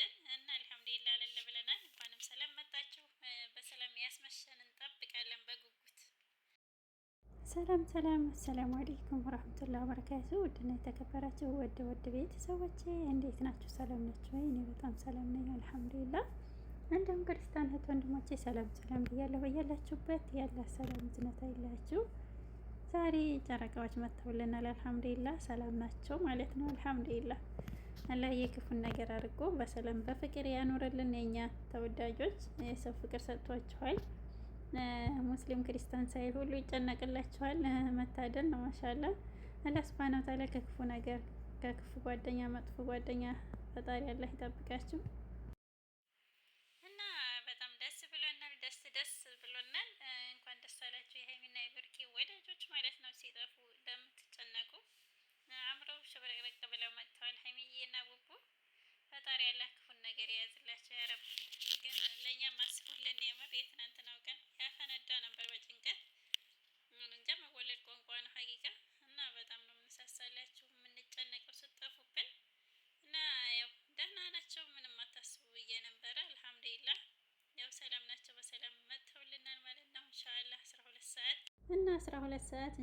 ወደን እና አልሐምዱሊላህ ብለናል። እንኳንም ሰላም መጣችሁ። በሰላም ያስመሸን እንጠብቃለን በጉጉት። ሰላም ሰላም፣ አሰላሙ አለይኩም ወራህመቱላሂ ወበረካቱ። ውድና የተከበራችሁ ወድ ወድ ቤተሰቦቼ እንዴት ናችሁ? ሰላም ናችሁ ወይ? እኔ በጣም ሰላም ነኝ አልሐምዱሊላህ። እንደውም ክርስቲያን እህት ወንድሞቼ ሰላም ሰላም ብያለሁ። በያላችሁበት ያለ ሰላም ዝነት አይላችሁ። ዛሬ ጨረቃዎች መጥተውልናል። አልሐምዱሊላህ ሰላም ናቸው ማለት ነው። አልሐምዱሊላህ አላህ የክፉን ነገር አድርጎ በሰላም በፍቅር ያኖርልን። የኛ ተወዳጆች የሰው ፍቅር ሰጥቷችኋል። ሙስሊም ክርስቲያን ሳይል ሁሉ ይጨነቅላችኋል። መታደል ነው። ማሻላ አላህ ሱብሃነሁ ወተዓላ ከክፉ ነገር ከክፉ ጓደኛ መጥፎ ጓደኛ ፈጣሪ አላህ ይጠብቃችሁ። ፈጣሪ ያላህ ክፉን ነገር የያዝላቸው ያረብ። ግን ለእኛ ማስቡልን የምር የትናንትናው ቀን ያፈነዳ ነበር በጭንቀት እንጃ መወለድ ቋንቋ ነው ሀቂቃ። እና በጣም ነው የምንሳሳላችሁ የምንጨነቀው ስጠፉብን እና ያው ደህና ናቸው፣ ምንም አታስቡ ብዬ ነበረ። አልሐምዱሊላህ ያው ሰላም ናቸው፣ በሰላም መጥተውልናል ማለት ነው። ኢንሻአላህ አስራ ሁለት ሰዓት እና አስራ ሁለት ሰዓት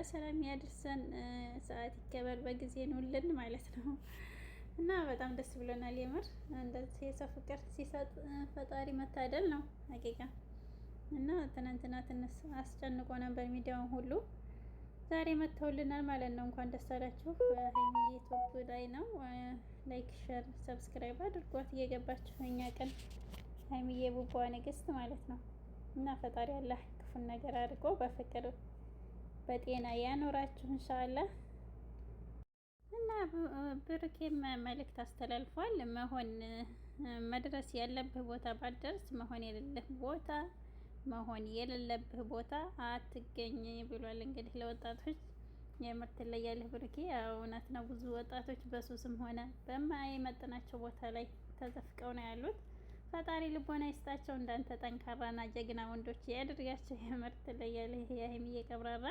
በሰላም ያድርሰን። ሰዓት ይከበር በጊዜ ማለት ነው። እና በጣም ደስ ብሎናል። የምር እንደዚህ የሰው ፍቅር ሲሰጥ ፈጣሪ መታደል ነው ሀቂቃ። እና ትናንትና ትንሽ አስጨንቆ ነበር ሚዲያውን ሁሉ፣ ዛሬ መጥተውልናል ማለት ነው። እንኳን ደስ አላችሁ። ዩቱብ ላይ ነው። ላይክ፣ ሸር፣ ሰብስክራይብ አድርጓት እየገባችሁ እኛ ቀን ሀይሚዬ ቡቧ ንግስት ማለት ነው እና ፈጣሪ አላህ ክፉን ነገር አድርጎ በፍቅር በጤና ያኖራችሁ እንሻአላህ። እና ብሩኬም መልእክት አስተላልፏል። መሆን መድረስ ያለብህ ቦታ ባደርስ መሆን የሌለህ ቦታ መሆን የሌለብህ ቦታ አትገኝ ብሏል። እንግዲህ ለወጣቶች የምር ትለያለህ ብሩኬ። እውነት ነው። ብዙ ወጣቶች በሱስም ሆነ በማይመጥናቸው ቦታ ላይ ተዘፍቀው ነው ያሉት። ፈጣሪ ልቦና ይስጣቸው። እንዳንተ ጠንካራና ጀግና ወንዶች ያድርጋቸው። የምር ትለያለህ የሀይሚዬ ቀብራራ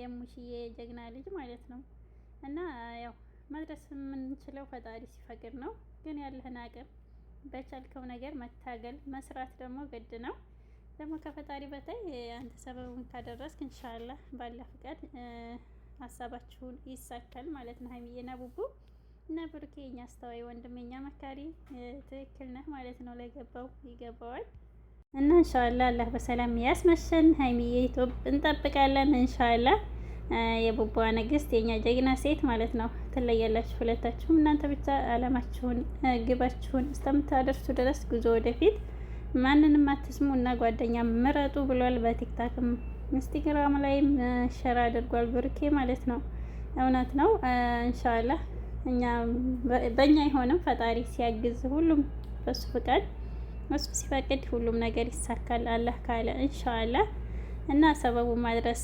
የሙሽዬ ጀግና ልጅ ማለት ነው። እና ያው መድረስ የምንችለው ፈጣሪ ሲፈቅድ ነው። ግን ያለህን አቅም በቻልከው ነገር መታገል መስራት ደግሞ ግድ ነው። ደግሞ ከፈጣሪ በታይ አንተ ሰበቡን ካደረስክ እንሻላ ባለ ፍቃድ ሀሳባችሁን ይሳካል ማለት ነው። ሀይሚዬና ቡቡ እና ብሩኬ የኛ አስተዋይ ወንድም የኛ መካሪ ትክክል ነህ ማለት ነው። ለገባው ይገባዋል እና እንሻላ አላህ በሰላም ያስመሸን። ሀይሚዬ ኢትዮጵ እንጠብቃለን እንሻላ የቡባ ንግስት የኛ ጀግና ሴት ማለት ነው። ትለያላችሁ ሁለታችሁም። እናንተ ብቻ አላማችሁን ግባችሁን እስከምታደርሱ ድረስ ጉዞ ወደፊት፣ ማንንም አትስሙ እና ጓደኛ ምረጡ ብሏል። በቲክታክም ኢንስታግራም ላይም ሸር አድርጓል ብሩኬ ማለት ነው። እውነት ነው። ኢንሻአላህ እኛ በእኛ አይሆንም፣ ፈጣሪ ሲያግዝ ሁሉም በሱ ፍቃድ እሱ ሲፈቅድ ሁሉም ነገር ይሳካል። አላህ ካለ እንሻላ እና ሰበቡ ማድረስ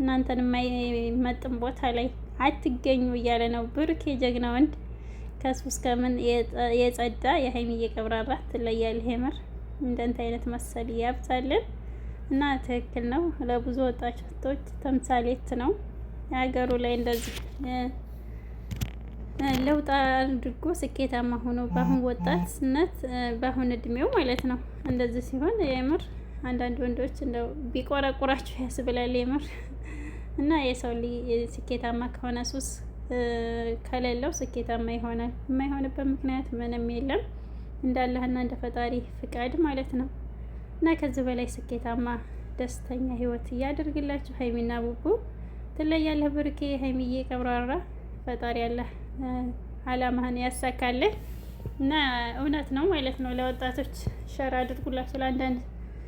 እናንተን የማይመጥን ቦታ ላይ አትገኙ እያለ ነው ብሩክ የጀግና ወንድ ከሱ እስከምን የጸዳ የሀይሚዬ እየቀብራራ ትለያል የምር እንደንተ አይነት መሰል ያብዛልን እና ትክክል ነው። ለብዙ ወጣቶች ተምሳሌት ነው። የሀገሩ ላይ እንደዚህ ለውጥ አድርጎ ስኬታማ ሆኖ በአሁን ወጣትነት በአሁን እድሜው ማለት ነው እንደዚህ ሲሆን የምር አንዳንድ ወንዶች እንደው ቢቆረቁራችሁ ያስብላል የምር እና የሰው ስኬታማ ከሆነ ሱስ ከሌለው ስኬታማ ይሆናል። የማይሆንበት ምክንያት ምንም የለም እንዳለህና እንደ ፈጣሪ ፍቃድ ማለት ነው። እና ከዚህ በላይ ስኬታማ ደስተኛ ህይወት እያደርግላችሁ ሀይሚና ቡቡ ትለያለህ። ብርኬ ሀይሚዬ ቀብራራ ፈጣሪ ያለ አላማህን ያሳካልን እና እውነት ነው ማለት ነው። ለወጣቶች ሸራ አድርጉላችሁ ለአንዳንድ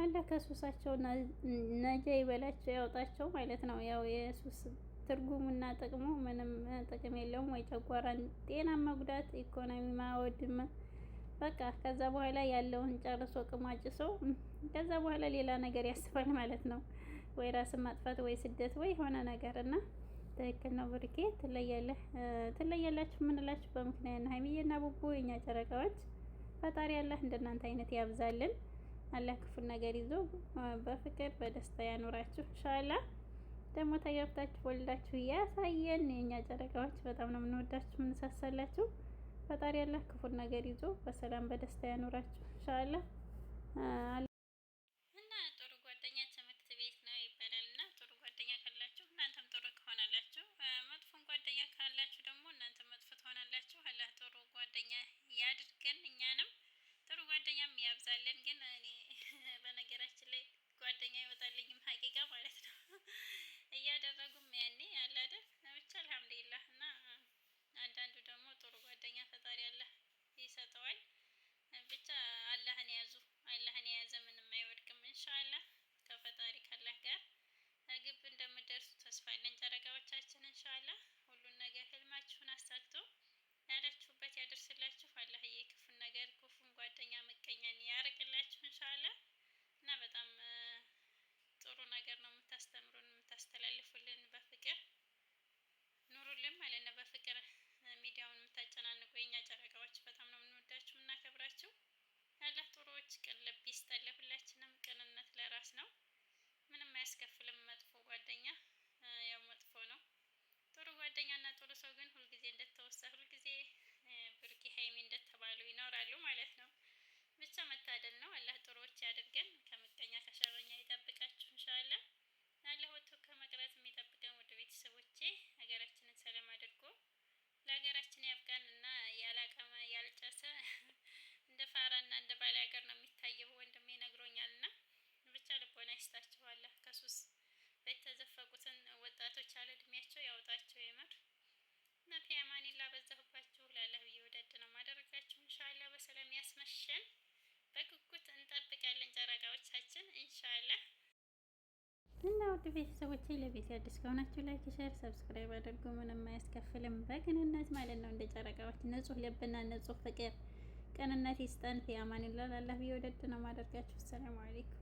አለ ከሱሳቸው ነጃ ይበላቸው ያወጣቸው ማለት ነው። ያው የሱስ ትርጉሙና ጥቅሙ ምንም ጥቅም የለውም ወይ ጨጓራን ጤና መጉዳት፣ ኢኮኖሚ ማወድም በቃ ከዛ በኋላ ያለውን ጨርሶ ቅማጭ ሰው ከዛ በኋላ ሌላ ነገር ያስባል ማለት ነው። ወይ ራስን ማጥፋት ወይ ስደት ወይ የሆነ ነገር እና ትክክል ነው ብርኬ ትለያለህ ትለያላችሁ የምንላችሁ በምክንያት ሀይሚዬና ቡቡ የኛ ጨረቃዎች ፈጣሪ ያለህ እንደናንተ አይነት ያብዛልን። አላህ ክፉን ነገር ይዞ በፍቅር በደስታ ያኖራችሁ። ኢንሻአላ ደግሞ ተጋብታችሁ ወልዳችሁ ያሳየን። የእኛ ጨረቃዎች በጣም ነው የምንወዳችሁ የምንሳሳላችሁ። ፈጣሪ አላህ ክፉን ነገር ይዞ በሰላም በደስታ ያኖራችሁ ኢንሻአላ። እና ጥሩ ጓደኛ ትምህርት ቤት ነው ይባላል። እና ጥሩ ጓደኛ ካላችሁ እናንተም ጥሩ ከሆናላችሁ መጥፎን ጓደኛ ካላችሁ ደግሞ እናንተም መጥፎ ትሆናላችሁ። አላህ ጥሩ ጓደኛ ያድርገን። ጓደኛም ያብዛለን። ግን እኔ በነገራችን ላይ ጓደኛ ይወጣልኝም ሀቂቃ ማለት ነው እያደረጉም ያኔ ያለ አይደል ብቻ አልሐምዱሊላህ። እና አንዳንዱ ደግሞ ጥሩ ጓደኛ ፈጣሪ አላህ ይሰጠዋል። ብቻ አላህን የያዙ አላህን የያዘ ምንም አይወድቅም። እንሻአላህ ከፈጣሪ ካላህ ጋር ግብ እንደምደርሱ ተስፋ አለን። ጨረቃዎቻችን እንሻአላህ ሁሉን ነገር ህልማችሁን አሳክቶ ያላችሁበት ያደርስላችሁ። ያደርግላችሁ እንሻላ እና በጣም ጥሩ ነገር ነው የምታስተምሩን የምታስተላልፉልን በፍቅር ኑሩልን ማለት ነው። በፍቅር ሚዲያውን የምታጨናንቁ የኛ ጨረቃዎች በጣም ነው የምንወዳችሁ የምናከብራችሁ። ያለ ጥሩዎች ቅን ልብ ይስጠን ለሁላችንም ቅንነት መታደል ነው። አላህ ጥሩዎች ያድርገን፣ ከምቀኛ ከሸረኛ ይጠብቃችሁ። እንሻላ አላህ ወጥቶ ከመቅረት የሚጠብቀን ወደ ቤተሰቦቼ። ሀገራችንን ሰላም አድርጎ ለሀገራችን ያብቃን እና ያላቀመ ያልጨሰ እንደ ፋራና እንደ ባለ ሀገር ነው የሚታየው ወንድሜ ነግሮኛል። እና ብቻ ልቦና ይስጣችኋል። ከሱስ የተዘፈቁትን ወጣቶች አለ እድሜያቸው ያውጣቸው የምር እና ፊያማኒላ በዛሁባችሁ ላለሁ እየወደድ ነው ማደረጋችሁ። ኢንሻአላህ በሰላም ያስመሸን። ጨረቃዎቻችን ኢንሻአላህ እና ውድ ቤተሰቦቼ ለቤት አዲስ ከሆናችሁ ላይክ፣ ሼር፣ ሰብስክራይብ አድርጉ። ምንም አያስከፍልም። በቅንነት ማለት ነው። እንደ ጨረቃዎች ንጹህ ልብና ንጹህ ፍቅር ቅንነት ይስጠን። ፊ አማኒላህ። አላህ ቢወደድ ነው ማደርጋችሁ። ሰላም አለይኩም